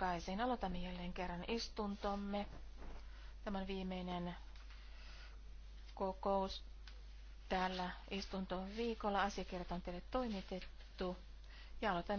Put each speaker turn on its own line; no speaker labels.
vastakkaisiin. Aloitamme jälleen kerran istuntomme. Tämän viimeinen kokous täällä istuntoon viikolla.
Asiakirjat on teille toimitettu ja aloitamme